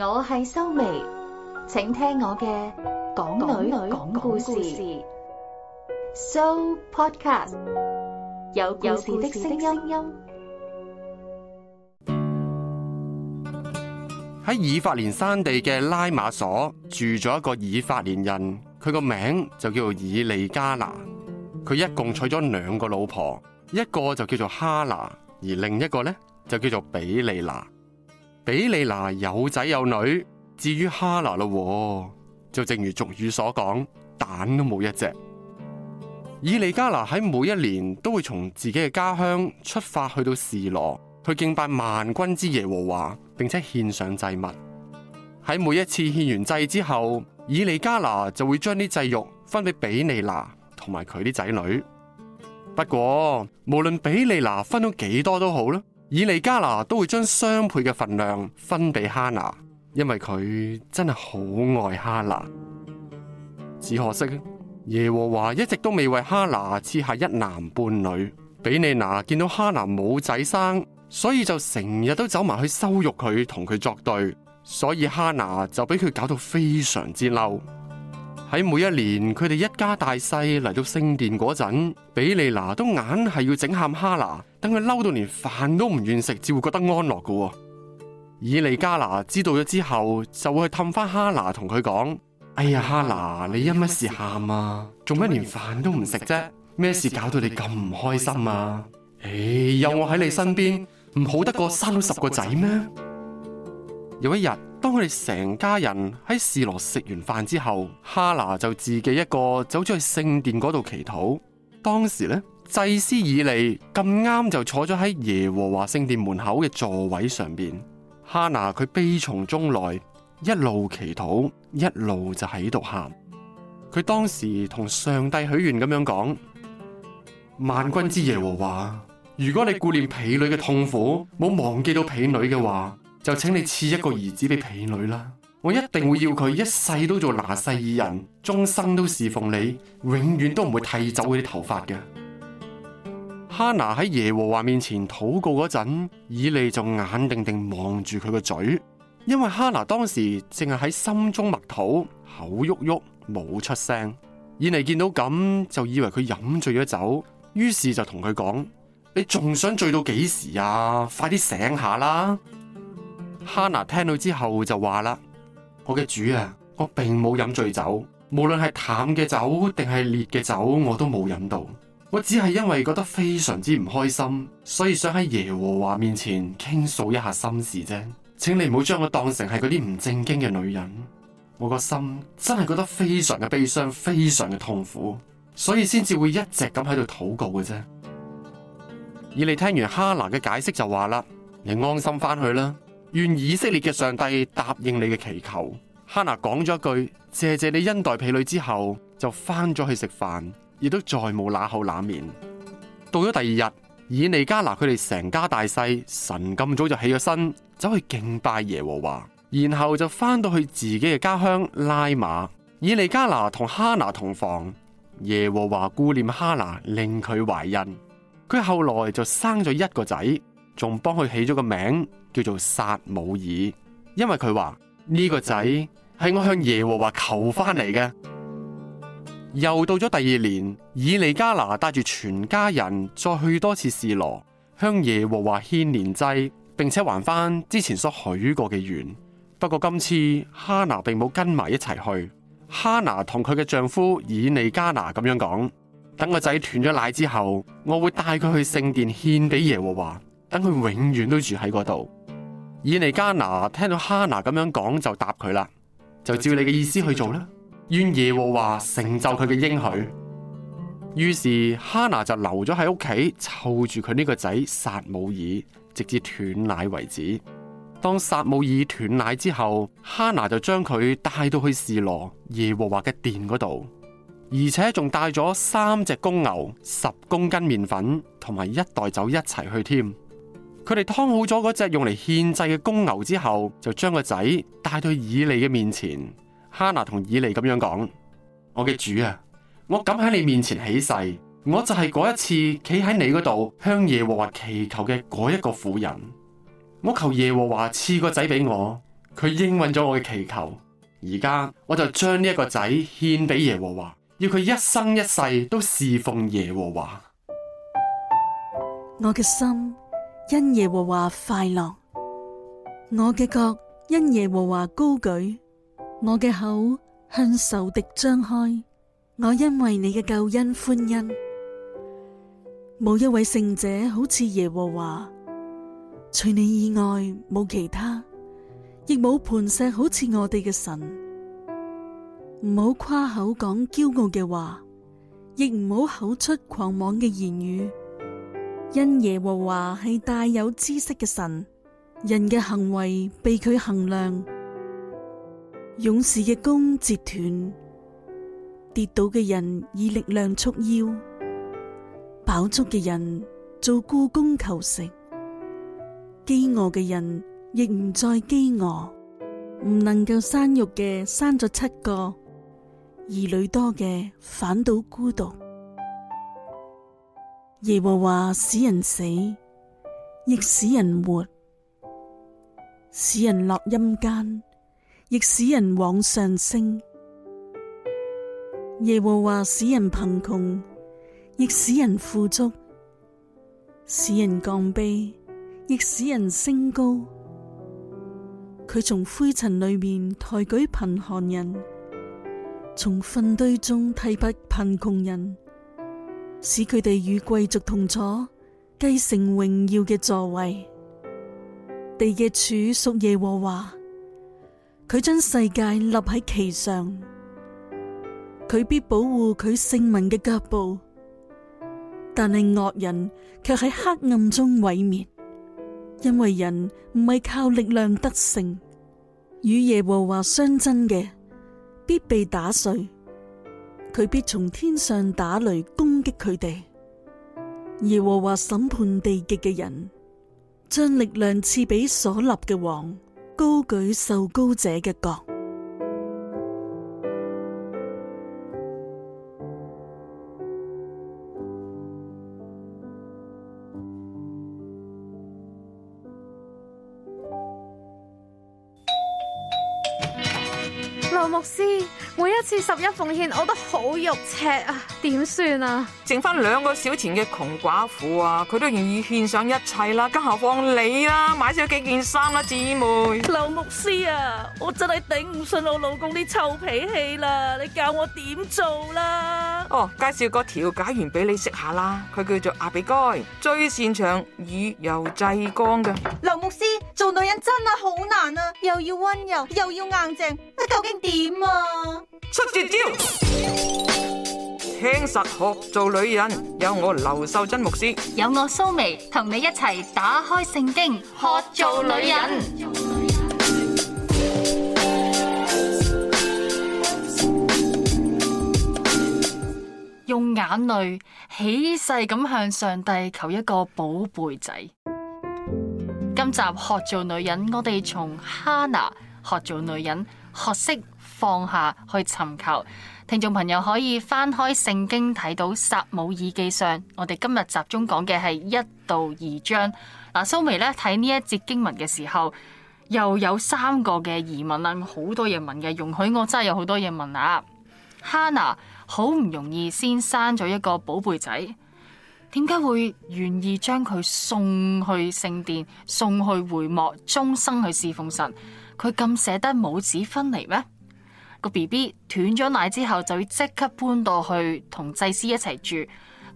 我係修眉，請聽我嘅港女女講故事，So Podcast 有故事的聲音。喺以法蓮山地嘅拉馬所住咗一個以法蓮人，佢個名就叫做以利加拿。佢一共娶咗兩個老婆，一個就叫做哈拿，而另一個咧就叫做比利拿。比利娜有仔有女，至於哈拿啦，就正如俗語所講，蛋都冇一隻。以利加拿喺每一年都會從自己嘅家鄉出發去到示羅，去敬拜萬軍之耶和華，並且獻上祭物。喺每一次獻完祭之後，以利加拿就會將啲祭肉分俾比利娜同埋佢啲仔女。不過，無論比利娜分到幾多都好啦。以利加拿都會將雙倍嘅份量分俾哈拿，因為佢真係好愛哈拿。只可惜耶和華一直都未為哈拿賜下一男半女。比尼拿見到哈拿冇仔生，所以就成日都走埋去羞辱佢，同佢作對，所以哈拿就俾佢搞到非常之嬲。喺每一年，佢哋一家大細嚟到聖殿嗰陣，比利拿都硬係要整喊「哈拿」，等佢嬲到連飯都唔願食，至會覺得安樂噶。以利加拿知道咗之後，就會去氹翻「哈拿」同佢講：哎呀，哈拿，你因乜事喊啊？做咩連飯都唔食啫？咩事搞到你咁唔開心啊？誒、啊，有、哎、我喺你身邊，唔好得過生十個仔咩？有一日。當佢哋成家人喺士羅食完飯之後，哈拿就自己一個走咗去聖殿嗰度祈禱。當時呢，祭司以利咁啱就坐咗喺耶和華聖殿門口嘅座位上邊。哈拿佢悲從中來，一路祈禱，一路就喺度喊。佢當時同上帝許願咁樣講：萬軍之耶和華，如果你顧念婢女嘅痛苦，冇忘記到婢女嘅話。就請你賜一個兒子俾婢女啦，我一定會要佢一世都做拿細耳人，終生都侍奉你，永遠都唔會剃走嗰啲頭髮嘅。哈娜喺耶和華面前禱告嗰陣，以利就眼定定望住佢個嘴，因為哈娜當時淨係喺心中默禱，口喐喐冇出聲。以利見到咁就以為佢飲醉咗酒，於是就同佢講：你仲想醉到幾時啊？快啲醒下啦！哈娜聽到之後就話啦：我嘅主啊，我並冇飲醉酒，無論係淡嘅酒定係烈嘅酒，我都冇飲到。我只係因為覺得非常之唔開心，所以想喺耶和華面前傾訴一下心事啫。請你唔好將我當成係嗰啲唔正經嘅女人。我個心真係覺得非常嘅悲傷，非常嘅痛苦，所以先至會一直咁喺度禱告嘅啫。以你聽完哈娜嘅解釋就話啦，你安心返去啦。願以色列嘅上帝答應你嘅祈求。哈拿講咗一句：謝謝你恩待婢女。之後就翻咗去食飯，亦都再冇乸口乸面。到咗第二日，以利加拿佢哋成家大細，神咁早就起咗身，走去敬拜耶和華，然後就翻到去自己嘅家鄉拉馬。以利加拿同哈拿同房，耶和華顧念哈拿，令佢懷孕。佢後來就生咗一個仔，仲幫佢起咗個名。叫做撒母耳，因為佢話呢個仔係我向耶和華求翻嚟嘅。又到咗第二年，以利加拿帶住全家人再去多次士羅向耶和華獻年祭，並且還翻之前所許於過嘅願。不過今次哈拿並冇跟埋一齊去。哈拿同佢嘅丈夫以利加拿咁樣講：等個仔斷咗奶之後，我會帶佢去聖殿獻俾耶和華，等佢永遠都住喺嗰度。以尼加拿聽到哈拿咁樣講就答佢啦，就照你嘅意思去做啦。願耶和華成就佢嘅應許。於是哈拿就留咗喺屋企，湊住佢呢個仔撒母耳，直至斷奶為止。當撒母耳斷奶之後，嗯、哈拿就將佢帶到去士羅耶和華嘅殿嗰度，而且仲帶咗三隻公牛、十公斤麵粉同埋一袋酒一齊去添。佢哋劏好咗嗰隻用嚟獻祭嘅公牛之後，就將個仔帶到以利嘅面前。哈娜同以利咁樣講：我嘅主啊，我敢喺你面前起誓，我就係嗰一次企喺你嗰度向耶和華祈求嘅嗰一個婦人。我求耶和華賜個仔俾我，佢應允咗我嘅祈求。而家我就將呢一個仔獻俾耶和華，要佢一生一世都侍奉耶和華。我嘅心，因耶和華快樂，我嘅角因耶和華高舉，我嘅口向仇敵張開。我因為你嘅救恩歡欣，冇一位聖者好似耶和華，除你以外冇其他，亦冇磐石好似我哋嘅神。唔好誇口講驕傲嘅話，亦唔好口出狂妄嘅言語。因耶和華係大有知識嘅神，人嘅行為被佢衡量。勇士嘅弓折斷，跌倒嘅人以力量束腰，飽足嘅人做僱工求食，飢餓嘅人亦唔再飢餓。唔能夠生育嘅生咗七個，兒女多嘅反倒孤獨。耶和華使人死，亦使人活；使人落陰間，亦使人往上升。耶和華使人貧窮，亦使人富足；使人降卑，亦使人升高。佢從灰塵裏面抬舉貧寒人，從糞堆中提拔貧窮人。使佢哋與貴族同坐，繼承榮耀嘅座位。地嘅柱屬耶和華，佢將世界立喺其上，佢必保護佢聖民嘅腳步。但係惡人卻喺黑暗中毀滅，因為人唔係靠力量得勝，與耶和華相爭嘅，必被打碎。佢必從天上打雷攻擊佢哋，耶和華審判地極嘅人，將力量賜俾所立嘅王，高舉受高者嘅角。羅牧師。一次十一奉獻，我都好肉赤啊，點算啊？剩翻兩個小錢嘅窮寡婦啊，佢都願意獻上一切啦，更何況你啦？買咗幾件衫啦，姊妹。劉牧師啊，我真係頂唔順我老公啲臭脾氣啦，你教我點做啦？哦，介紹個調解員俾你識下啦，佢叫做阿比該，最擅長以柔制剛嘅。劉牧師，做女人真係好難啊！又要溫柔，又要硬淨，究竟點啊？出絕招，聽實學做女人，有我劉秀珍牧師，有我蘇眉，同你一齊打開聖經學做女人。用眼淚起勢咁向上帝求一個寶貝仔。今集學做女人，我哋從哈拿學做女人，學識。放下去尋求聽眾朋友可以翻開聖經睇到撒母耳記上，我哋今日集中講嘅係一到二章嗱。蘇眉咧睇呢一節經文嘅時候，又有三個嘅疑問啦，好多嘢問嘅。容許我真係有好多嘢問啊！Hannah 好唔容易先生咗一個寶貝仔，點解會願意將佢送去聖殿，送去會幕，終生去侍奉神？佢咁捨得母子分離咩？個 B B 斷咗奶之後，就會即刻搬到去同祭司一齊住。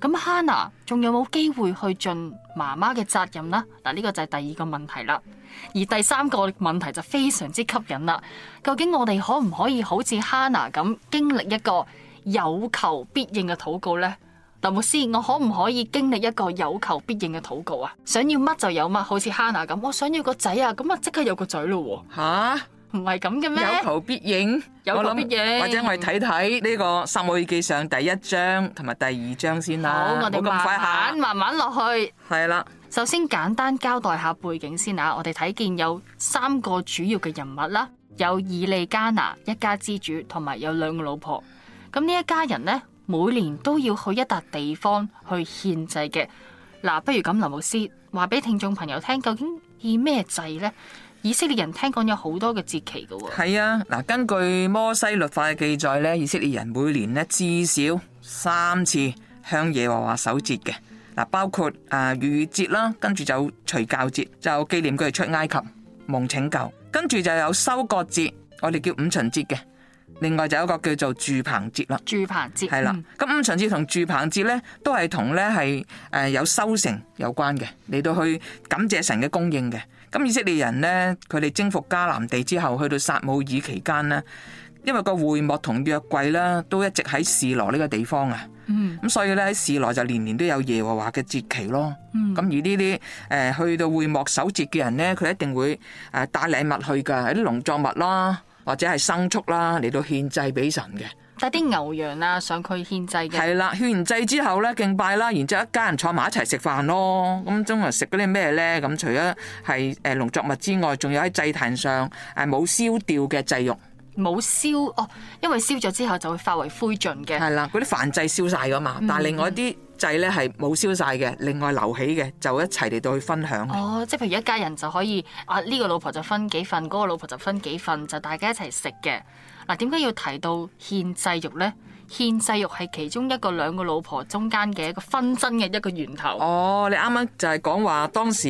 咁 Hannah 仲有冇機會去盡媽媽嘅責任呢？嗱，呢個就係第二個問題啦。而第三個問題就非常之吸引啦。究竟我哋可唔可以好似 Hannah 咁經歷一個有求必應嘅禱告呢？大牧師，我可唔可以經歷一個有求必應嘅禱告啊？想要乜就有乜，好似 Hannah 咁。我想要個仔啊，咁啊即刻有個仔咯喎。吓？唔係咁嘅咩？有求必應，有求必應。 或者我哋睇睇呢個《撒母耳記》上第一章同埋第二章先啦。好，我哋咁慢，慢，快慢慢落去。係啦了，首先簡單交代下背景先啊。我哋睇見有三個主要嘅人物啦、啊，有以利加拿一家之主，同埋有兩個老婆。咁呢一家人呢，每年都要去一笪地方去獻祭嘅。嗱，不如咁，林牧師話俾聽眾朋友聽，究竟獻咩祭呢？以色列人聽講有好多嘅節期嘅喎、哦。係啊，嗱，根據摩西律法嘅記載咧，以色列人每年咧至少三次向耶和華守節嘅。嗱，包括啊逾越節啦，跟住就除酵節，就紀念佢哋出埃及、蒙拯救，跟住就有收割節，我哋叫五旬節嘅。另外就有一個叫做住棚節啦。住棚節，係啦，咁、嗯啊、五旬節同住棚節咧，都係同咧係誒有收成有關嘅，嚟到去感謝神嘅供應嘅。咁以色列人呢，佢哋征服迦南地之後，去到撒母耳期間呢，因為個會幕同約櫃呢都一直喺示羅呢個地方啊，咁、mm. 所以呢，喺示羅就年年都有耶和華嘅節期咯。咁、mm. 而呢啲誒去到會幕守節嘅人呢，佢一定會誒帶禮物去㗎，啲農作物啦，或者係牲畜啦嚟到獻祭俾神嘅。帶啲牛羊啦、啊，上去獻祭嘅。係啦，獻完祭之後咧，敬拜啦，然之後一家人坐埋一齊食飯咯。咁、嗯、中啊食嗰啲咩咧？咁、嗯、除咗係誒農作物之外，仲有喺祭壇上誒冇、呃、燒掉嘅祭肉，冇燒哦，因為燒咗之後就會化為灰燼嘅。係啦，嗰啲燔祭燒晒噶嘛，但係另外啲祭咧係冇燒晒嘅，嗯、另外留起嘅就一齊嚟到去分享。哦，即係譬如一家人就可以啊，呢、這個老婆就分幾份，嗰、那個老婆就分幾份，就大家一齊食嘅。嗱，點解，啊、要提到獻祭肉咧？獻祭肉係其中一個兩個老婆中間嘅一個紛爭嘅一個源頭。哦，你啱啱就係講話當時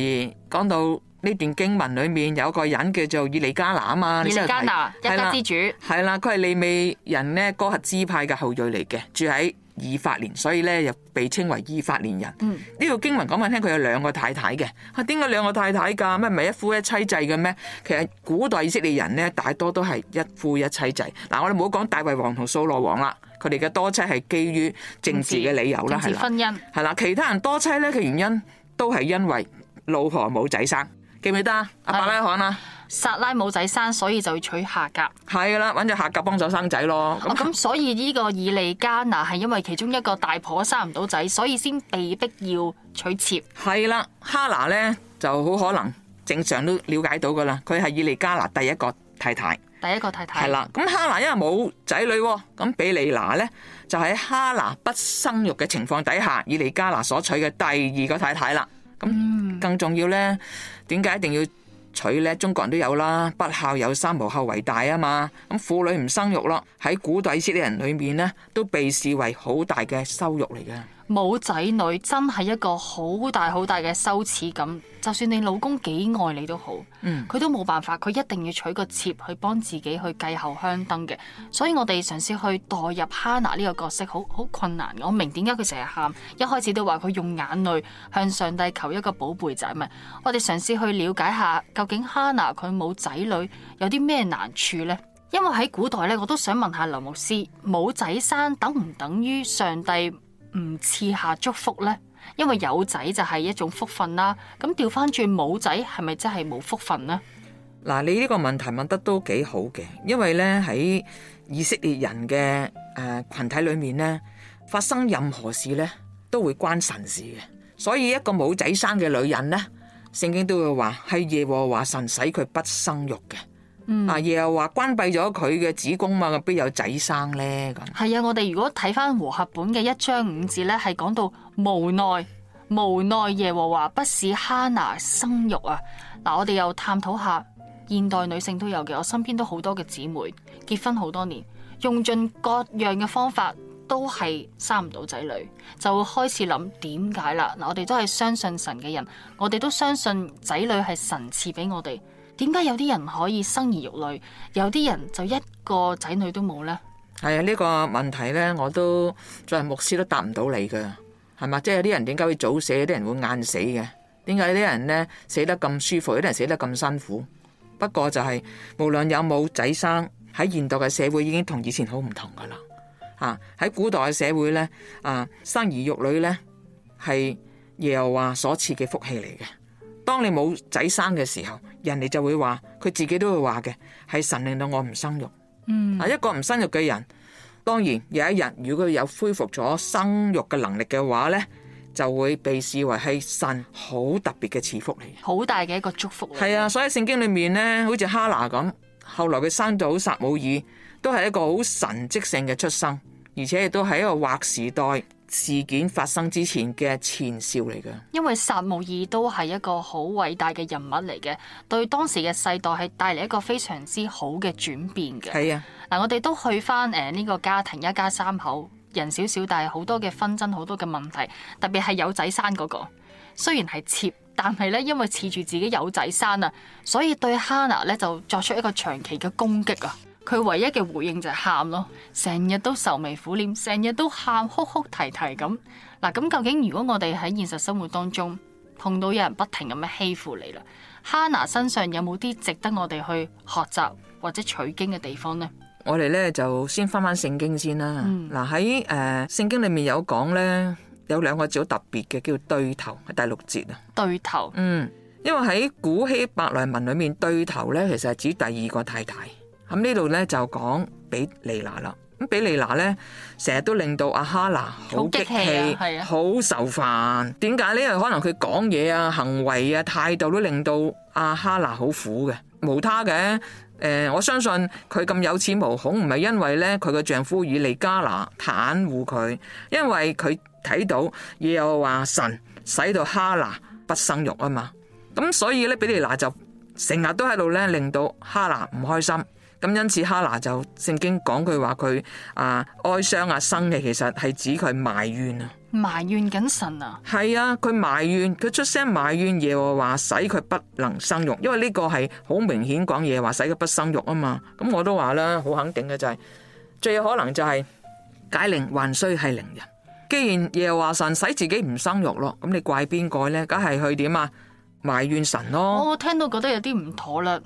講到呢段經文裏面有個人叫做以利加拿啊嘛，以利加拿，一家之主，係啦，佢係利未人呢哥哈支派嘅後裔嚟嘅，住喺以法蓮，所以咧又被稱為以法蓮人。呢、嗯、個經文講緊聽佢有兩個太太嘅，點解兩個太太噶咩唔係一夫一妻制嘅咩？其實古代以色列人咧，大多都係一夫一妻制。嗱、啊，我哋唔好講大衛王同掃羅王啦，佢哋嘅多妻係基於政治嘅理由啦，係啦，婚姻，係啦，其他人多妻咧嘅原因都係因為老婆冇仔生，記唔記得啊？亞伯拉罕啊？撒拉冇仔生，所以就要娶下格。係噶啦，揾咗下格幫手生仔咯。咁所以呢個以利加拿係因為其中一個大婆生唔到仔，所以先被逼要娶妾。係啦，哈拿呢就好可能正常都了解到噶啦，佢係以利加拿第一個太太。第一個太太。係啦，咁哈拿因為冇仔女，咁比利拿呢就喺哈拿不生育嘅情況底下，以利加拿所娶嘅第二個太太啦。咁更重要呢，點解、嗯、一定要？娶咧，中國人都有啦。不孝有三，無後為大啊嘛。咁婦女唔生育咯，喺古代啲人裏面咧，都被視為好大嘅羞辱嚟嘅。冇仔女真係一個好大好大嘅羞恥感。就算你老公幾愛你都好，佢、嗯、都冇辦法，佢一定要娶個妾去幫自己去繼後香燈嘅。所以我哋嘗試去代入 h a n 哈娜呢個角色，好好困難，我明點解佢成日喊，一開始都話佢用眼淚向上帝求一個寶貝仔咪。我哋嘗試去了解下，究竟 h a n 哈娜佢冇仔女有啲咩難處呢？因為喺古代咧，我都想問下劉牧師，冇仔生等唔等於上帝？唔賜下祝福呢，因為有仔就係一種福分啦。咁調翻轉，冇仔係咪真係冇福分呢？嗱，你呢個問題問得都幾好嘅，因為呢喺以色列人嘅誒群體裏面呢，發生任何事呢都會關神事嘅。所以一個冇仔生嘅女人呢，聖經都會話係耶和華神使佢不生育嘅。阿、嗯啊、耶和華又話關閉咗佢嘅子宮嘛，啊，必有仔生咧？係、嗯、啊，我哋如果睇翻和合本嘅一章五字呢，咧，係講到無奈，無奈耶和華不使哈拿生育啊！嗱、啊，我哋又探討下現代女性都有嘅，我身邊都好多嘅姊妹結婚好多年，用盡各樣嘅方法都係生唔到仔女，就會開始諗點解啦。嗱、啊，我哋都係相信神嘅人，我哋都相信仔女係神賜俾我哋。點解有啲人可以生兒育女，有啲人就一個仔女都冇呢？係啊，呢個問題呢，我都作為牧師都答唔到你噶，係嘛？即係有啲人點解會早死，有啲人會晏死嘅？點解有啲人呢，死得咁舒服，有啲人死得咁辛苦？不過就係無論有冇仔生喺現代嘅社會，已經同以前好唔同噶啦。啊喺古代嘅社會呢，啊生兒育女呢，係耶和華所賜嘅福氣嚟嘅。當你冇仔生嘅時候，人哋就會話佢，自己都會話嘅，係神令到我唔生育。啊、嗯，一個唔生育嘅人，當然有一日如果佢有恢復咗生育嘅能力嘅話呢，就會被視為係神好特別嘅賜福嚟，好大嘅一個祝福。係啊，所以聖經裏面呢，好似哈拿咁，後來佢生到撒母耳，都係一個好神蹟性嘅出生，而且亦都係一個劃時代事件發生之前嘅前兆嚟嘅，因為撒慕爾都係一個好偉大嘅人物嚟嘅，對當時嘅世代係帶嚟一個非常之好嘅轉變嘅。係啊，嗱、啊、我哋都去返誒呢個家庭一家三口，人少少，但係好多嘅紛爭，好多嘅問題，特別係有仔山嗰、那個，雖然係妾，但係咧因為恃住自己有仔山啊，所以對哈娜 n 咧就作出一個長期嘅攻擊啊。佢唯一嘅回應就係喊咯，成日都愁眉苦臉，成日都喊哭哭啼啼咁。嗱，咁究竟如果我哋喺現實生活當中碰到有人不停咁樣欺負你啦，哈拿 身上有冇啲值得我哋去學習或者取經嘅地方呢？我哋咧就先翻翻聖經先啦。嗱喺誒聖經裏面有講咧，有兩個字好特別嘅，叫對頭，係第六節啊。對頭，嗯，因為喺古希伯來文裏面，對頭咧其實係指第二個太太。咁呢度咧就講比利娜啦。咁比利娜咧，成日都令到阿哈娜好激氣，係啊，好受煩。點解呢？因為可能佢講嘢啊，行為啊，態度都令到阿哈娜好苦嘅，無他嘅。誒、呃，我相信佢咁有恃無恐，唔係因為咧佢嘅丈夫以利加拿袒護佢，因為佢睇到又話神使到哈娜不生育啊嘛。咁所以咧，比利娜就成日都喺度咧，令到哈娜唔開心。咁因此，哈娜就聖經講句話佢啊哀傷啊生氣，其實係指佢埋怨啊埋怨緊神啊，係啊，佢埋怨佢出聲埋怨耶和華，使佢不能生育，因為呢個係好明顯講耶和華使佢不生育啊嘛。咁我都話啦，好肯定嘅就係、是、最有可能就係解鈴還須繫鈴人，既然耶和華神使自己唔生育咯，咁你怪邊個咧？梗係去點啊？埋怨神咯。我聽到覺得有啲唔妥啦。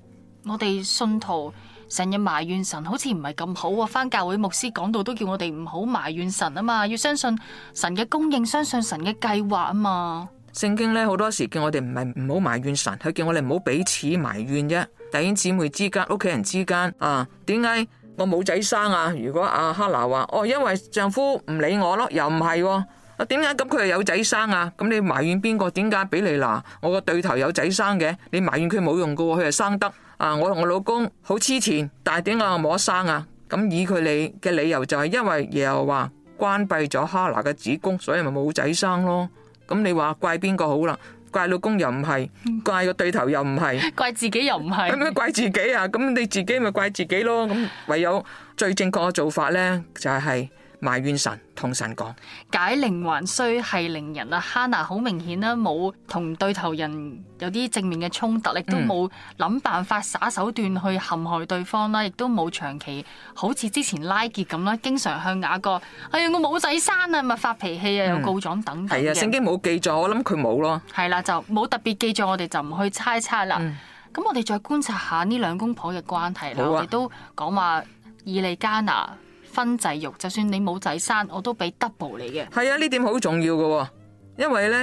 我哋信徒。成日埋怨神，好似唔係咁好啊！返教會牧師講道都叫我哋唔好埋怨神啊嘛，要相信神嘅供應，相信神嘅計劃啊嘛。聖經咧好多時叫我哋唔係唔好埋怨神，佢叫我哋唔好彼此埋怨啫。弟兄姊妹之間、屋企人之間啊，點解我冇仔生啊？如果阿哈拿話哦，因為丈夫唔理我咯，又唔係、啊。我點解咁佢係有仔生啊？咁你埋怨邊個？點解俾你嗱我個對頭有仔生嘅？你埋怨佢冇用噶喎，佢係生得啊！我同我老公好黐纏，但係點解我冇得生啊？咁以佢哋嘅理由就係因為耶和華話關閉咗哈拿嘅子宮，所以咪冇仔生咯。咁你話怪邊個好啦？怪老公又唔係，怪個對頭又唔係，怪自己又唔係。咁咩？怪自己啊？咁你自己咪怪自己咯？咁唯有最正確嘅做法咧，就係。埋怨神，同神講解鈴還須繫鈴人啊！哈拿好明顯啦，冇同對頭人有啲正面嘅衝突，亦都冇諗辦法耍手段去陷害對方啦，亦都冇長期好似之前拉結咁啦，經常向雅各：「哎呀，我冇仔生啊，咪發脾氣啊，又告狀等等嘅。聖經冇記載，我諗佢冇咯。係啦、啊，就冇特別記載，我哋就唔去猜測啦。咁、嗯、我哋再觀察下呢兩公婆嘅關係啦。我哋都講話以利加拿啊。分祭肉，就算你冇仔生，我都俾 double 你嘅。係啊，呢點好重要嘅、哦，因為咧，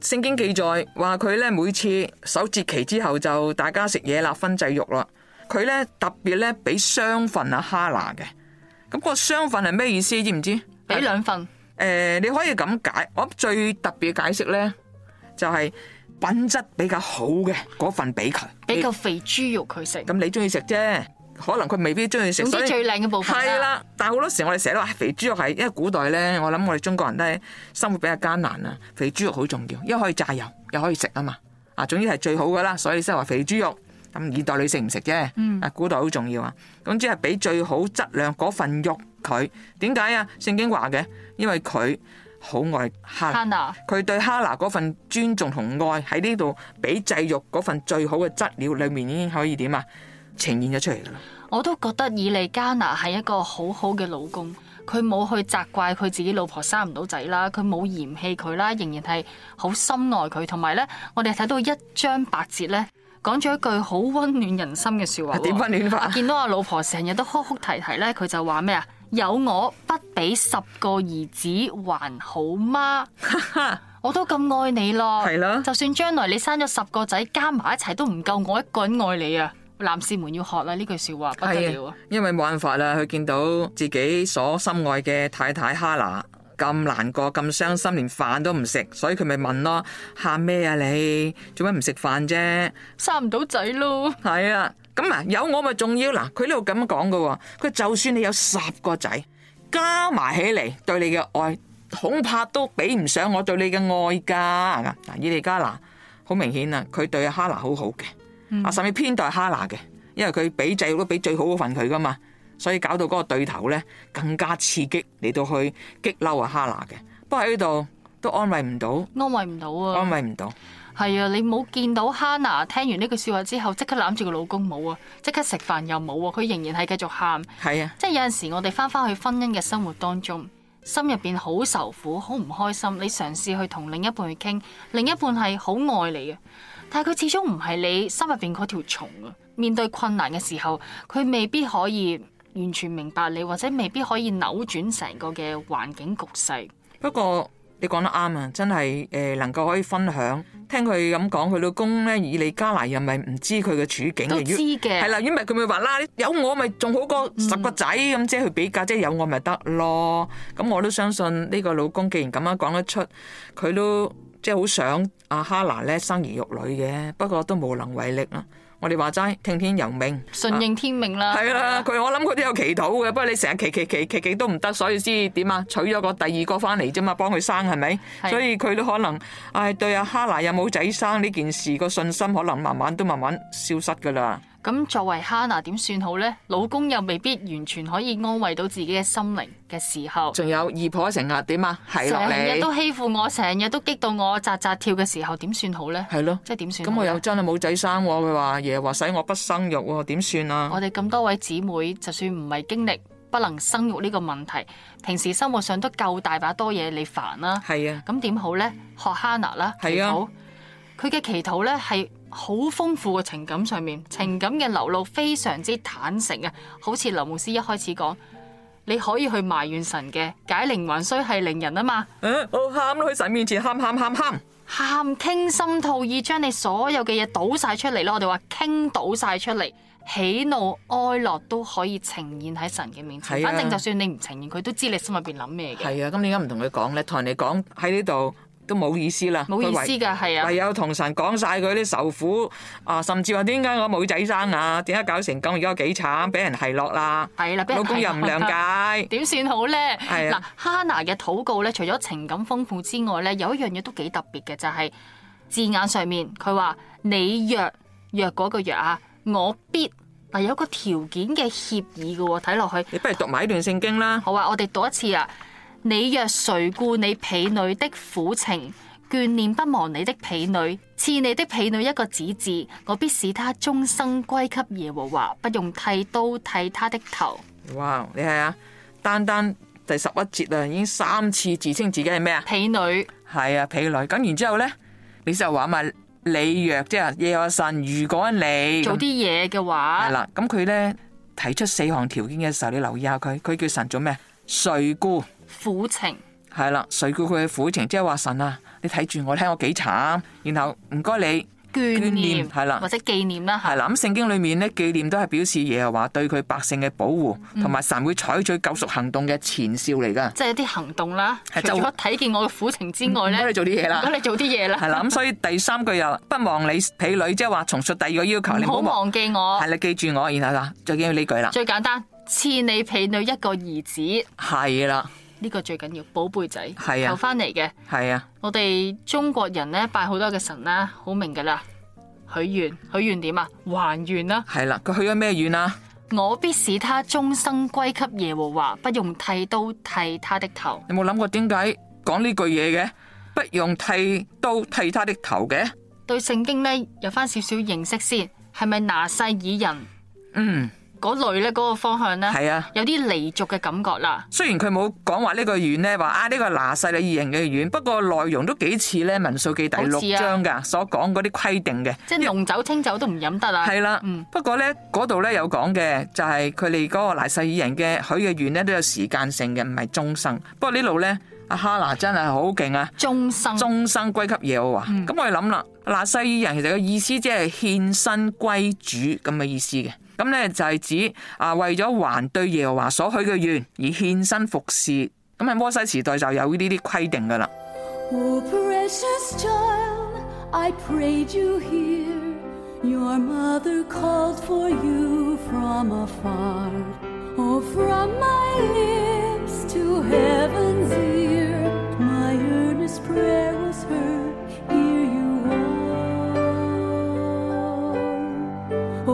聖經記載話佢咧每次守節期之後就大家食嘢啦，分祭肉啦。佢咧特別咧俾雙份啊哈拿嘅。咁、那個雙份係咩意思？知唔知？俾兩份。誒、啊呃，你可以咁解。我諗最特別解釋咧，就係、是、品質比較好嘅嗰份俾佢，比較肥豬肉佢食。咁你中意食啫。可能佢未必中意食，所以最靚嘅部分係啦。但係好多時我哋成日都話肥豬肉係，因為古代咧，我諗我哋中國人都係生活比較艱難啊，肥豬肉好重要，因為可以榨油，又可以食啊嘛。啊，總之係最好噶啦。所以先話肥豬肉咁，現代你食唔食啫？啊，古代好重要啊。總之係俾最好質量嗰份肉佢。點解啊？聖經話嘅，因為佢好愛哈拿，佢對哈拿嗰份尊重同愛喺呢度俾祭肉嗰份最好嘅質料裏面已經可以點啊？呈現咗出嚟，我都覺得以利加拿係一個好好嘅老公。佢冇去責怪佢自己老婆生唔到仔啦，佢冇嫌棄佢啦，仍然係好深愛佢。同埋呢，我哋睇到一章八節呢，講咗一句好溫暖人心嘅說話。點溫暖法？見到阿老婆成日都哭哭啼啼呢，佢就話咩啊？有我不比十個兒子還好嗎？我都咁愛你咯， 就算將來你生咗十個仔加埋一齊都唔夠我一個人愛你啊！男士們要學啦呢句說話，不得了。因為冇辦法啦，佢見到自己所心愛嘅太太哈娜咁難過、咁傷心，連飯都唔食，所以佢咪問咯：喊咩啊你？做咩唔食飯啫？生唔到仔咯。係啊，咁啊有我咪仲要嗱？佢呢度咁講噶，佢就算你有十個仔，加埋起嚟對你嘅愛，恐怕都比唔上我對你嘅愛噶。嗱，以利加拿好明顯啊，佢對阿哈娜好好嘅。啊，嗯、甚至偏待哈娜嘅，因為佢俾制度都俾最好嗰份佢噶嘛，所以搞到嗰個對頭咧更加刺激嚟到去激嬲啊哈娜嘅。不過喺呢度都安慰唔到，安慰唔到啊，安慰唔到。係啊，你冇見到哈娜聽完呢句說話之後，即刻攬住個老公冇啊，即刻食飯又冇啊，佢仍然係繼續喊。係啊，即係有陣時我哋翻翻去婚姻嘅生活當中，心入邊好受苦，好唔開心。你嘗試去同另一半去傾，另一半係好愛你嘅。但係佢始終唔係你心入邊嗰條蟲啊！面對困難嘅時候，佢未必可以完全明白你，或者未必可以扭轉成個嘅環境局勢。不過你講得啱啊！真係誒、呃，能夠可以分享，聽佢咁講，佢老公咧以你加埋又咪唔知佢嘅處境嘅，知嘅係啦，如果唔係佢咪話啦，有我咪仲好過十個仔咁，嗯、即係去比較，即係有我咪得咯。咁我都相信呢個老公，既然咁樣講得出，佢都。即係好想阿哈娜咧生兒育女嘅，不過都無能為力啦。我哋話齋聽天由命，順應天命啦。係啦、啊，佢的我諗佢都有祈禱嘅，不過你成日祈祈祈祈，祈祈祈祈都唔得，所以先點啊？娶咗個第二個翻嚟啫嘛，幫佢生係咪？的所以佢都可能唉、哎，對阿哈娜有冇仔生呢件事個信心可能慢慢都慢慢消失噶啦。咁作為哈娜點算好咧？老公又未必完全可以安慰到自己嘅心靈嘅時候，仲有二婆成日點啊？係咯，成日都欺負我，成日都激到我咋咋跳嘅時候，點算好咧？係咯、啊，即係點算？咁我又真係冇仔生、啊，佢話爺話使我不生育喎、啊，點算啊？我哋咁多位姊妹，就算唔係經歷不能生育呢個問題，平時生活上都夠大把多嘢你煩啦。係啊，咁點、啊、好咧？學哈娜啦，啊、祈禱，好，佢嘅祈禱咧係。好豐富嘅情感上面，情感嘅流露非常之坦誠啊，好似劉牧師一開始講，你可以去埋怨神嘅。解鈴還須繫鈴人啊嘛，啊，我喊咯，去神面前喊喊喊喊，喊傾心吐意，將你所有嘅嘢倒晒出嚟咯，我哋話傾倒晒出嚟。喜怒哀樂都可以呈現喺神嘅面前，啊、反正就算你唔呈現，佢都知你心入邊諗咩嘅。係啊，咁點解唔同佢講咧？同人哋講喺呢度。都冇意思啦！冇意思噶，係啊唯，的唯有同神講晒佢啲愁苦啊，甚至話點解我冇仔生啊？點解搞成咁？而家幾慘，俾人奚落啦！係啦，人老公又唔諒解，點算好咧？係嗱的，喇哈拿嘅禱告咧，除咗情感豐富之外咧，有一樣嘢都幾特別嘅，就係、是、字眼上面，佢話你若若嗰個若啊，我必係有一個條件嘅協議噶，睇落去你不如讀埋一段聖經啦。好啊，我哋讀一次啊。你若垂顧你婢女的苦情，眷念不忘你的婢女，賜你的婢女一個子字，我必使她終生歸給耶和華，不用剃刀剃她的頭。哇！Wow, 你睇下、啊，單單第十一節啦，已經三次自稱自己係咩女啊？婢女係啊，婢女咁。然之後咧，你先又話埋你若即係耶和華神，如果你做啲嘢嘅話，係啦。咁佢咧提出四項條件嘅時候，你留意下佢，佢叫神做咩垂顧？誰苦情係啦，垂顧佢嘅苦情，即係話神啊，你睇住我，睇我幾慘，然後唔該你眷念係啦，或者紀念啦，係啦。咁聖經裏面咧，紀念都係表示耶和華對佢百姓嘅保護，同埋神會採取救贖行動嘅前兆嚟噶，即係一啲行動啦。除咗睇見我嘅苦情之外咧，唔該你做啲嘢啦，唔該你做啲嘢啦，係啦。咁所以第三句又不忘你婢女，即係話重述第二個要求，你唔好忘記我，係你記住我，然後啦，最緊要呢句啦，最簡單賜你婢女一個兒子，係啦。呢個最緊要，寶貝仔求翻嚟嘅。係啊，啊我哋中國人咧拜好多嘅神啦，好明㗎啦。許願，許願點啊？還願啦。係啦，佢去咗咩願啊？院啊我必使他終生歸給耶和華，不用剃刀剃他的頭。你有冇諗過點解講呢句嘢嘅？不用剃刀剃他的頭嘅？對聖經呢，有翻少少認識先，係咪拿細爾人？嗯。嗰類咧，嗰、那個方向咧，係啊，有啲離俗嘅感覺啦。雖然佢冇講話呢、啊這個願咧，話啊呢個拿細耳人嘅願，不過內容都幾似咧《民數記》第六章噶所講嗰啲規定嘅，啊這個、即係濃酒清酒都唔飲得啊。係啦、嗯，不過咧嗰度咧有講嘅就係佢哋嗰個拿細耳人嘅許嘅願咧，都有時間性嘅，唔係終生。不過呢度咧，阿、啊、哈拿真係好勁啊，終生終生歸給耶和華。咁我哋諗啦，拿細耳人其實個意思即係獻身歸主咁嘅意思嘅。咁咧就係、是、指啊，為咗還對耶和華所許嘅願而獻身服侍。咁喺摩西時代就有呢啲啲規定㗎喇。Oh,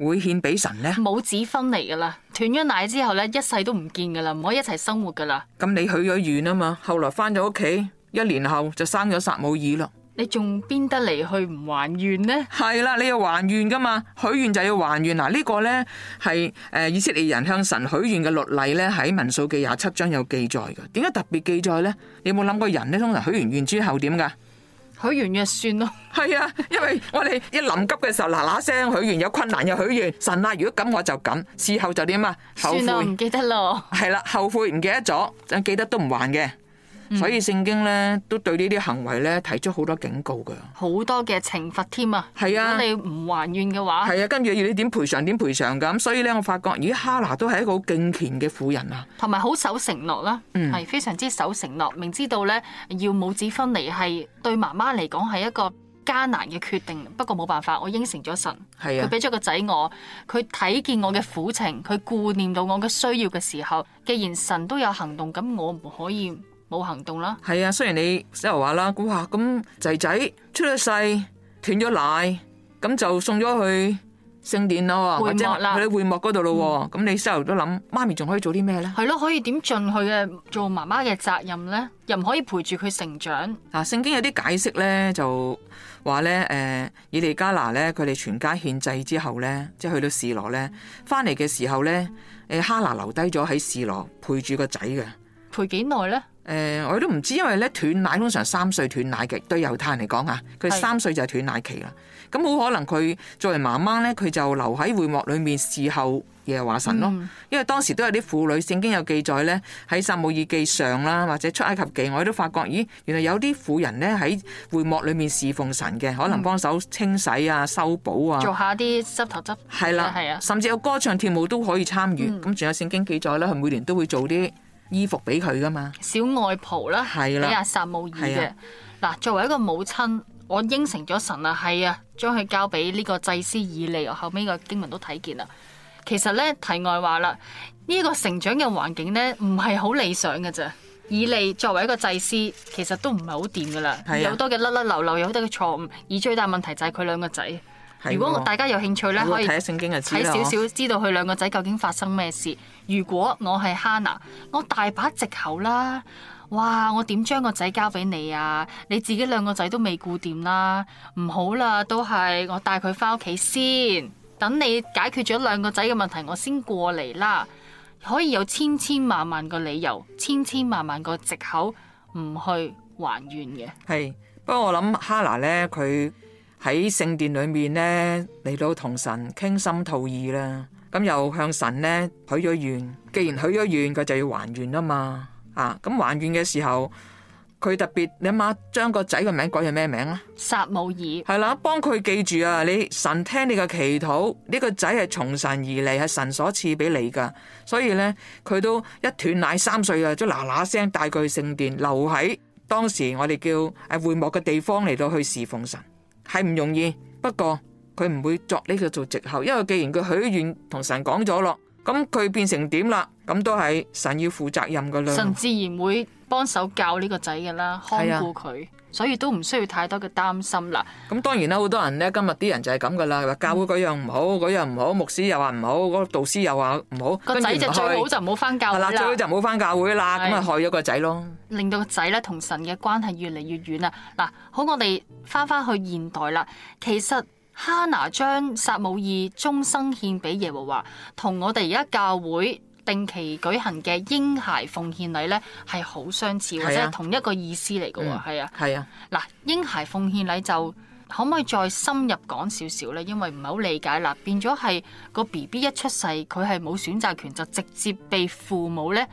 會獻俾神呢？母子分離噶啦，斷咗奶之後呢，一世都唔見噶啦，唔可以一齊生活噶啦。咁你許咗願啊嘛，後來翻咗屋企，一年後就生咗撒母耳咯。你仲邊得嚟去唔還願呢？係啦，你要還願噶嘛，許願就要還願嗱。呢個呢係誒以色列人向神許願嘅律例呢，喺民數記廿七章有記載噶。點解特別記載呢？你有冇諗過人呢？通常許完願之後點噶？許完就算咯，係 啊，因為我哋一臨急嘅時候嗱嗱聲許願有困難又許願，神啊！如果咁我就咁，事後就點啊？後悔唔記得咯，係啦，後悔唔記得咗，就記得都唔還嘅。所以聖經咧都對呢啲行為咧提出好多警告㗎，好多嘅懲罰添啊。啊如果你唔還願嘅話，係啊，跟住要你點賠償點賠償㗎。咁所以咧，我發覺咦，哈拿都係一個好敬虔嘅婦人啊，同埋好守承諾啦、啊，係、嗯、非常之守承諾。明知道咧要母子分離係對媽媽嚟講係一個艱難嘅決定，不過冇辦法，我應承咗神，佢俾咗個仔我，佢睇見我嘅苦情，佢顧念到我嘅需要嘅時候，既然神都有行動，咁我唔可以。冇行動啦。係啊，雖然你西游話啦，估下，咁仔仔出咗世斷咗奶，咁就送咗去聖殿咯，咁即係喺會幕嗰度咯。咁你西游都諗，媽咪仲可以做啲咩咧？係咯，可以點盡佢嘅做媽媽嘅責任咧？又唔可以陪住佢成長嗱？聖經有啲解釋咧，就話咧，誒，以利加拿咧，佢哋全家獻祭之後咧，即係去到士羅咧，翻嚟嘅時候咧，誒，哈拿留低咗喺士羅陪住個仔嘅，陪幾耐咧？誒，呃、我都唔知，因為咧，斷奶通常三歲斷奶嘅，對猶太人嚟講啊，佢三歲就係斷奶期啦。咁好可能佢作為媽媽咧，佢就留喺會幕裏面侍候耶和華神咯。嗯、因為當時都有啲婦女，聖經有記載咧，喺撒母耳記上啦，或者出埃及記，我哋都發覺，咦，原來有啲婦人咧喺會幕裏面侍奉神嘅，可能幫手清洗啊、修補啊，做下啲執頭執。係啦，係啊，甚至有歌唱跳舞都可以參與。咁仲、mm、有聖經記載咧，佢每年都會做啲。衣服俾佢噶嘛？小外婆啦，俾的阿撒母耳嘅嗱。的作為一個母親，我應承咗神啊，係啊，將佢交俾呢個祭司以利。我後尾個經文都睇見啦。其實咧題外話啦，呢、呢個成長嘅環境咧，唔係好理想嘅咋。以利作為一個祭司，其實都唔係好掂噶啦，的有好多嘅甩甩流流，有好多嘅錯誤。而最大問題就係佢兩個仔。如果大家有興趣咧，的可以睇啲聖經啊，睇少少知道佢兩個仔究竟發生咩事。如果我係哈娜，我大把藉口啦。哇，我點將個仔交俾你啊？你自己兩個仔都未顧掂啦，唔好啦，都係我帶佢翻屋企先。等你解決咗兩個仔嘅問題，我先過嚟啦。可以有千千萬萬個理由，千千萬萬個藉口，唔去還願嘅。係，不過我諗哈娜咧，佢。喺聖殿裏面呢，嚟到同神傾心吐意啦。咁又向神呢，許咗願，既然許咗願，佢就要還願啊嘛。啊，咁、嗯、還願嘅時候，佢特別你阿媽將個仔嘅名改做咩名啊？撒母耳係啦，幫佢記住啊。你神聽你嘅祈禱，呢、呢個仔係從神而嚟，係神所賜俾你噶。所以呢，佢都一斷奶三歲啊，就嗱嗱聲帶佢去聖殿，留喺當時我哋叫誒會幕嘅地方嚟到去侍奉神。係唔容易，不過佢唔會作呢個做藉口，因為既然佢許願同神講咗咯，咁佢變成點啦，咁都係神要負責任噶啦。神自然會幫手教呢個仔噶啦，看護佢。所以都唔需要太多嘅擔心啦。咁當然啦，好多人咧，今日啲人就係咁噶啦，話教會嗰樣唔好，嗰樣唔好，牧師又話唔好，個導師又話唔好，個仔就最好就唔好翻教會啦。最好就唔好翻教會啦，咁啊害咗個仔咯。令到個仔咧同神嘅關係越嚟越遠啦！嗱，好，我哋翻翻去現代啦，其實哈拿將撒母耳終生獻俾耶和華，同我哋而家教會。定期舉行嘅嬰孩奉獻禮咧，係好相似或者同一個意思嚟㗎，係啊，係、嗯、啊。嗱，嬰孩奉獻禮就可唔可以再深入講少少咧？因為唔係好理解。嗱，變咗係、個 B B 一出世，佢係冇選擇權，就直接被父母咧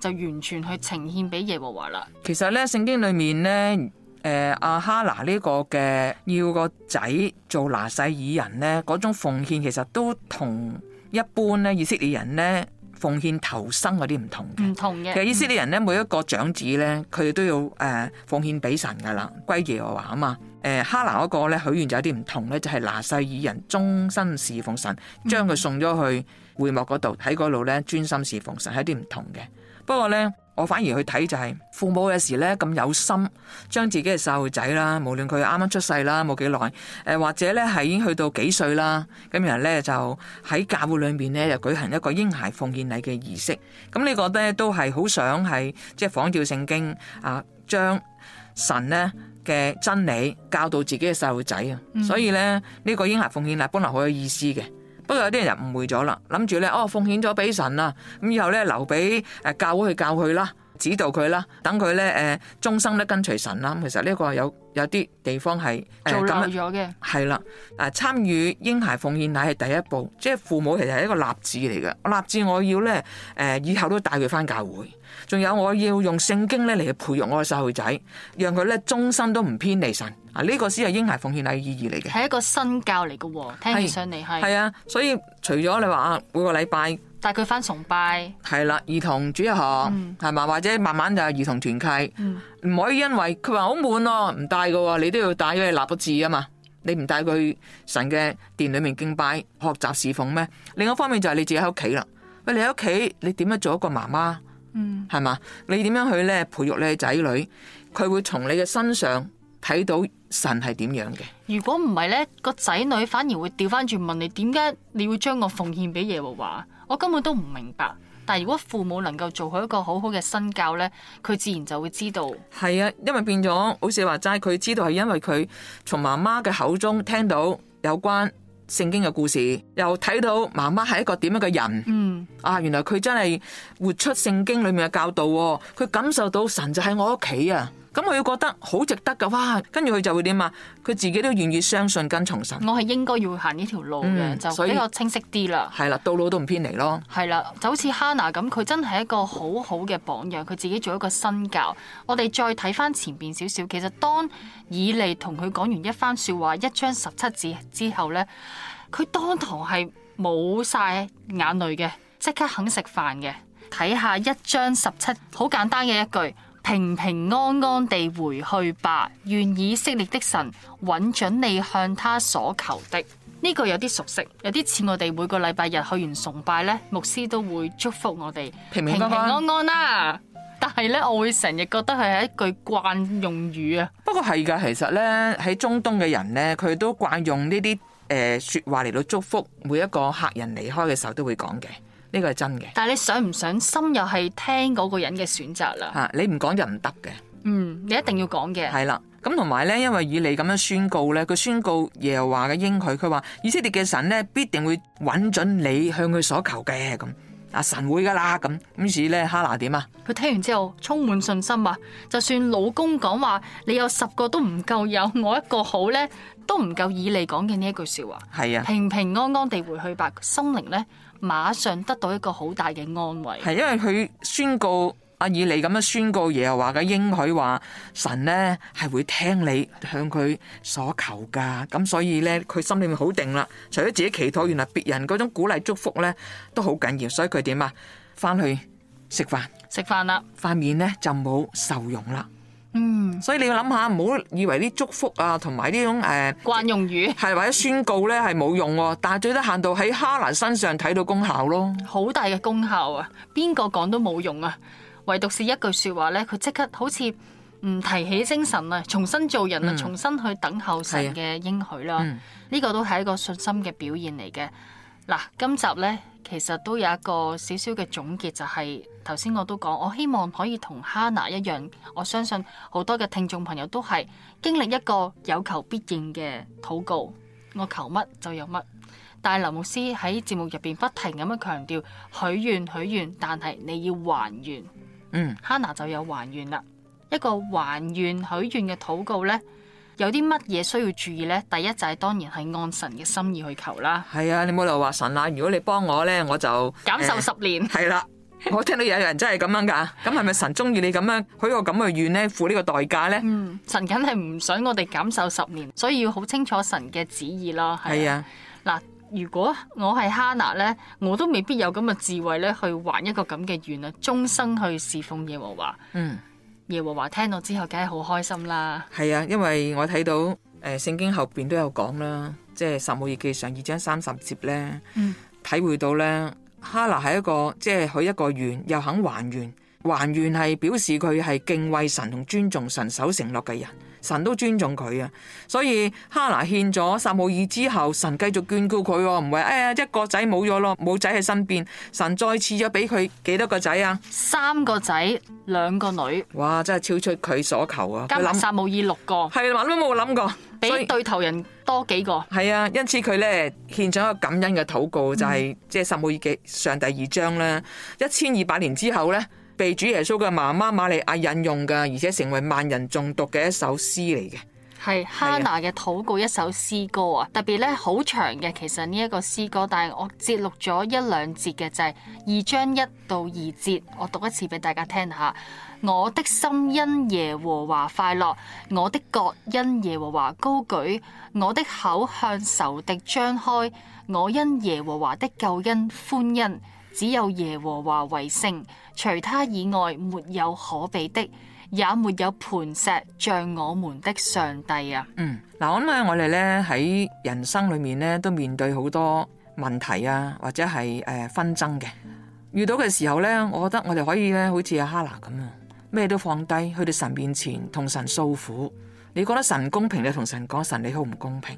就完全去呈獻俾耶和華啦。其實咧，聖經裏面咧，誒、呃、阿哈拿呢個嘅要個仔做拿細耳人咧，嗰種奉獻其實都同一般咧以色列人咧，奉獻投生嗰啲唔同嘅，以色列人咧，嗯、每一個長子咧，佢都要誒奉獻俾神噶啦，歸耶和華啊嘛。誒、呃，哈拿嗰個咧許願就有啲唔同咧，就係、是、拿細耳人終身侍奉神，將佢送咗去會幕嗰度，喺嗰度咧專心侍奉神，係啲唔同嘅。不過咧。我反而去睇就係父母有時咧咁有心，將自己嘅細路仔啦，無論佢啱啱出世啦冇幾耐，誒或者咧係已經去到幾歲啦，咁然後咧就喺教會裏面咧就舉行一個嬰孩奉獻禮嘅儀式，咁、這個、呢覺得都係好想係即係仿照聖經啊，將神咧嘅真理教導自己嘅細路仔啊，嗯、所以咧呢、這個嬰孩奉獻禮本來好有意思嘅。不過有啲人就誤會咗啦，諗住咧哦奉獻咗俾神啊，咁以後咧留俾誒教會去教佢啦。指導佢啦，等佢咧誒，終生咧跟隨神啦。其實呢個有有啲地方係、呃、做漏咗嘅，係啦。誒、啊，參與嬰孩奉獻禮係第一步，即係父母其實係一個立志嚟嘅。立志我要咧誒、呃，以後都帶佢翻教會，仲有我要用聖經咧嚟嘅培育我嘅細路仔，讓佢咧終生都唔偏離神啊！呢、這個先係嬰孩奉獻禮嘅意義嚟嘅，係一個新教嚟嘅喎。聽起上嚟係係啊，所以除咗你話每個禮拜。帶佢返崇拜係啦，兒童主日學係嘛，嗯，或者慢慢就係兒童團契，嗯，唔可以因為佢話好悶咯，唔帶噶，你都要帶佢立個字啊嘛。你唔帶佢去神嘅殿裏面敬拜、學習侍奉咩？另一方面就係你自己喺屋企啦。喂，你喺屋企，你點樣做一個媽媽？係嘛，嗯，你點樣去咧培育你嘅仔女？佢會從你嘅身上睇到神係點樣嘅。如果唔係咧，個仔女反而會調返轉問你，點解你會將我奉獻俾耶和華？我根本都唔明白，但如果父母能夠做好一個好好嘅身教呢，佢自然就會知道。係啊，因為變咗，好似話齋，佢知道係因為佢從媽媽嘅口中聽到有關聖經嘅故事，又睇到媽媽係一個點樣嘅人。嗯，啊，原來佢真係活出聖經裏面嘅教導，佢感受到神就喺我屋企啊！咁我要覺得好值得嘅，哇！跟住佢就會點啊？佢自己都願意相信跟從神。我係應該要行呢條路嘅，嗯、就比較清晰啲啦。係啦，到老都唔偏離咯。係啦，就好似 Hannah 咁，佢真係一個好好嘅榜樣。佢自己做一個新教。我哋再睇翻前邊少少，其實當以利同佢講完一番説話一張十七字之後呢，佢當堂係冇晒眼淚嘅，即刻肯食飯嘅。睇下一張十七，好簡單嘅一句。平平安安地回去吧，願以色列的神，允准你向他所求的。呢、這個有啲熟悉，有啲似我哋每個禮拜日去完崇拜咧，牧師都會祝福我哋平平安安啦、啊啊。但係咧，我會成日覺得佢係一句慣用語啊。不過係噶，其實咧，喺中東嘅人咧，佢都慣用呢啲誒說話嚟到祝福每一個客人離開嘅時候都會講嘅。呢個係真嘅，但係你想唔想心又係聽嗰個人嘅選擇啦。吓、啊，你唔講就唔得嘅。嗯，你一定要講嘅。係啦，咁同埋咧，因為以利咁樣宣告咧，佢宣告耶和華嘅應許，佢話以色列嘅神咧必定會揾准你向佢所求嘅咁啊，神會噶啦咁。於是咧，哈拿點啊？佢聽完之後充滿信心啊，就算老公講話你有十個都唔夠，有我一個好咧，都唔夠以利講嘅呢一句說話。係啊的，平平安安地回去吧，心靈咧。馬上得到一個好大嘅安慰，係因為佢宣告阿以利咁樣宣告耶和華嘅應許話，神呢係會聽你向佢所求噶，咁所以呢，佢心裏面好定啦。除咗自己祈禱，原來別人嗰種鼓勵祝福呢都好緊要，所以佢點啊？翻去食飯，食飯啦，塊面呢就冇愁容啦。嗯，所以你要諗下，唔好以為啲祝福啊，同埋呢種誒慣、呃、用語，係 或者宣告咧係冇用，但係最低限度喺哈拿身上睇到功效咯，好大嘅功效啊！邊個講都冇用啊，唯獨是一句說話咧，佢即刻好似唔提起精神啊，重新做人啊，嗯、重新去等候神嘅應許啦、啊，呢個都係一個信心嘅表現嚟嘅。嗱，今集呢，其實都有一個少少嘅總結，就係頭先我都講，我希望可以同哈娜一樣，我相信好多嘅聽眾朋友都係經歷一個有求必應嘅禱告，我求乜就有乜。但係林牧師喺節目入面不停咁樣強調，許願許願，但係你要還願。嗯，哈娜就有還願啦。一個還願許願嘅禱告呢，有啲乜嘢需要注意呢？第一就係、是、當然係按神嘅心意去求啦。係啊，你冇理由話神啊，如果你幫我呢，我就減壽十年。係啦、欸，我聽到有人真係咁樣㗎，咁係咪神中意你咁樣許個咁嘅願呢，付呢個代價呢？嗯，神緊係唔想我哋減壽十年，所以要好清楚神嘅旨意咯。係啊，嗱、啊，如果我係哈拿呢，我都未必有咁嘅智慧呢，去還一個咁嘅願啊，終生去侍奉耶和華。嗯。耶和華聽到之後，梗係好開心啦。係啊，因為我睇到誒，聖、呃、經後邊都有講啦，即係撒母耳記上二章三十節呢，嗯、體會到呢，哈拿係一個即係許一個願又肯還願，還願係表示佢係敬畏神同尊重神守承諾嘅人。神都尊重佢啊！所以哈拿獻咗撒母耳之後，神繼續眷顧佢，啊，唔係哎呀一個仔冇咗咯，冇仔喺身邊，神再賜咗俾佢幾多個仔啊？三個仔，兩個女。哇！真係超出佢所求啊！加埋上撒想母耳六個，係諗都冇諗過俾對頭人多幾個。係啊，因此佢咧獻咗一個感恩嘅禱告，就係即係撒母耳記上第二章啦。一千二百年之後咧。被主耶穌嘅媽媽，瑪利亞引用嘅，而且成為萬人誦讀嘅一首詩嚟嘅，係哈娜嘅禱告一首詩歌啊！特別咧好長嘅，其實呢一個詩歌，但係我節錄咗一兩節嘅就係二章一到二節，我讀一次俾大家聽下。我的心因耶和華快樂，我的角因耶和華高舉，我的口向仇敵張開，我因耶和華的救恩歡欣。只有耶和華為聖，除他以外沒有可比的，也沒有磐石像我們的上帝啊。嗯，嗱我諗，我哋咧喺人生裏面咧都面對好多問題啊，或者係誒、呃、紛爭嘅。遇到嘅時候咧，我覺得我哋可以咧，好似阿哈娜咁啊，咩都放低去到神面前同神訴苦。你覺得神公平，你同神講神，你好唔公平。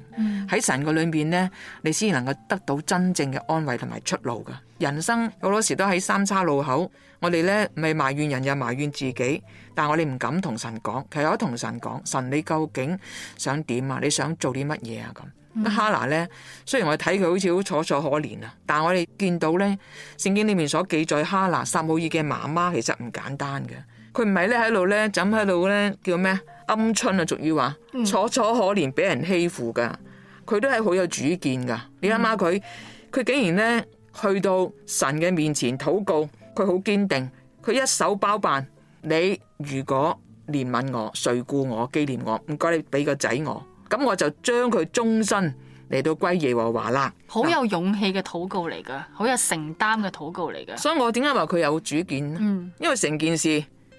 喺、嗯、神個裏面呢，你先能夠得到真正嘅安慰同埋出路噶。人生好多時都喺三岔路口，我哋咧咪埋怨人，又埋怨自己，但我哋唔敢同神講，其實我同神講，神你究竟想點啊？你想做啲乜嘢啊？咁 哈娜咧，雖然我哋睇佢好似好楚楚可憐啊，但係我哋見到咧，聖經裏面所記載哈娜撒母耳嘅媽媽，其實唔簡單嘅，佢唔係咧喺度咧，枕喺度咧叫咩鵪鶉啊，俗語話楚楚可憐，俾人欺負噶，佢都係好有主見噶。你諗下佢，佢竟然咧。 去到神嘅面前禱告，佢好堅定，佢一手包辦。你如果憐憫我，垂顧我，紀念我，唔該你俾個仔我，咁我就將佢終身嚟到歸耶和華啦。好有勇氣嘅禱告嚟噶，好有承擔嘅禱告嚟噶。所以我點解話佢有主見咧？嗯、因為成件事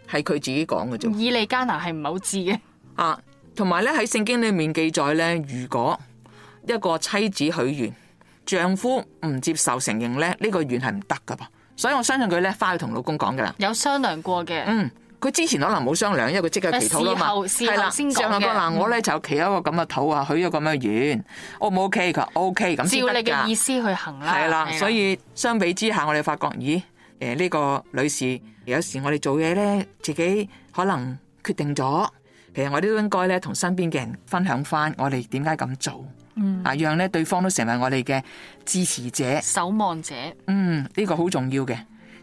係佢自己講嘅啫。以利加拿係唔係好智嘅啊？同埋咧喺聖經裏面記載咧，如果一個妻子許願。丈夫唔接受承認咧，呢、這個願係唔得噶噃，所以我相信佢咧翻去同老公講噶啦。有商量過嘅。嗯，佢之前可能冇商量，因為佢即刻祈禱啦嘛事。事後先講嘅。了事嗱、嗯，我咧就祈咗一個咁嘅禱啊，許咗咁嘅願，O 唔 O K？佢 O K 咁。照你嘅意思去行啦。係啦了，了所以相比之下，我哋發覺，咦，誒、這、呢個女士有時我哋做嘢咧，自己可能決定咗，其實我哋都應該咧同身邊嘅人分享翻，我哋點解咁做。啊，嗯、讓咧對方都成為我哋嘅支持者、守望者。嗯，呢、這個好重要嘅。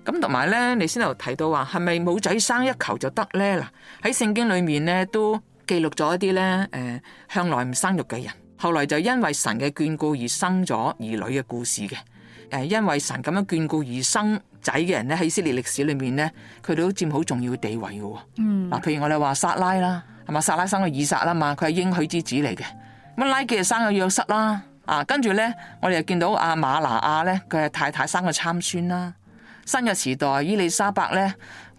咁同埋咧，你先頭提到話係咪冇仔生一球就得咧？嗱，喺聖經裏面咧都記錄咗一啲咧，誒、呃、向來唔生育嘅人，後來就因為神嘅眷顧而生咗兒女嘅故事嘅。誒、呃，因為神咁樣眷顧而生仔嘅人咧，喺以色列歷史裏面咧，佢哋都佔好重要地位嘅。嗱、嗯，譬如我哋話撒拉啦，係嘛？撒拉生咗以撒啦嘛，佢係應許之子嚟嘅。乜拉結生個約瑟啦，啊，跟住咧，我哋又見到阿、啊、馬拿亞咧，佢係太太生個參孫啦、啊。新約時代，伊麗莎白咧，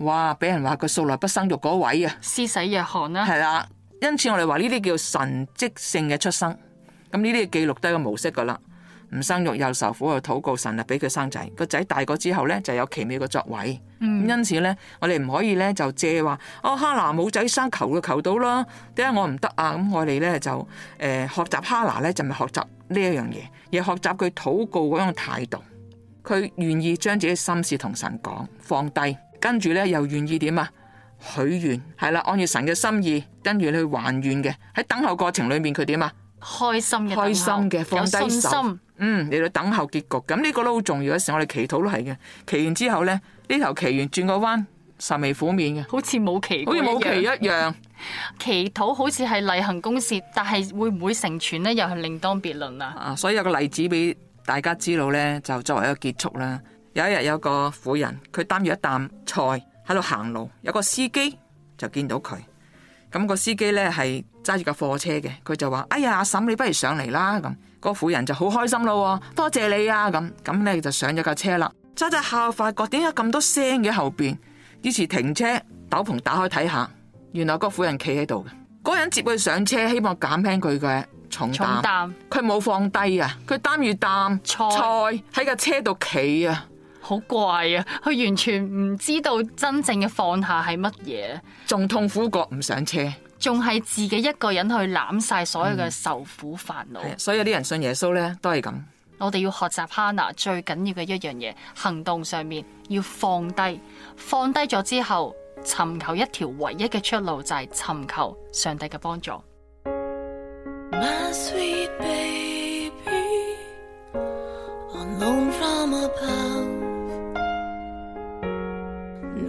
哇，俾人話佢素來不生育嗰位啊，施洗約翰啦，係啦，因此我哋話呢啲叫神蹟性嘅出生，咁呢啲記錄低個模式噶啦。唔生育又受苦，又禱告神啊，俾佢生仔。個仔大個之後咧，就有奇妙嘅作為。嗯、因此咧，我哋唔可以咧就借話哦、啊，哈拿冇仔生，求就求到啦。點解我唔得啊？咁我哋咧就誒、呃、學習哈拿咧，就咪學習呢一樣嘢，而學習佢禱告嗰種態度。佢願意將自己心事同神講，放低，跟住咧又願意點啊？許願係啦，按住神嘅心意，跟住去還願嘅。喺等候過程裏面，佢點啊？開心嘅，開心嘅，放低心，嗯，嚟到等候結局。咁呢個都好重要嘅事，我哋祈禱都係嘅。祈完之後咧，呢頭祈完轉個彎，愁眉苦面嘅，好似冇祈，好似冇祈一樣。祈禱好似係例行公事，但係會唔會成全咧？又係另當別論啦。啊，所以有個例子俾大家知道咧，就作為一個結束啦。有一日有個婦人，佢擔住一擔菜喺度行路，有個司機就見到佢。咁個司機咧係揸住架貨車嘅，佢就話：哎呀，阿嬸，你不如上嚟啦。咁，嗰個婦人就好開心咯，多謝你啊。咁，咁咧就上咗架車啦。揸揸下發覺點解咁多聲嘅後邊，於是停車，斗篷打開睇下，原來個婦人企喺度嘅。嗰人接佢上車，希望減輕佢嘅重擔，佢冇擔放低啊，佢擔住擔菜喺架車度企啊。好怪啊！佢完全唔知道真正嘅放下係乜嘢，仲痛苦過唔上車，仲係自己一個人去攬晒所有嘅受苦煩惱。嗯、所以有啲人信耶穌咧，都係咁。我哋要學習哈娜最緊要嘅一樣嘢，行動上面要放低，放低咗之後，尋求一條唯一嘅出路就係、是、尋求上帝嘅幫助。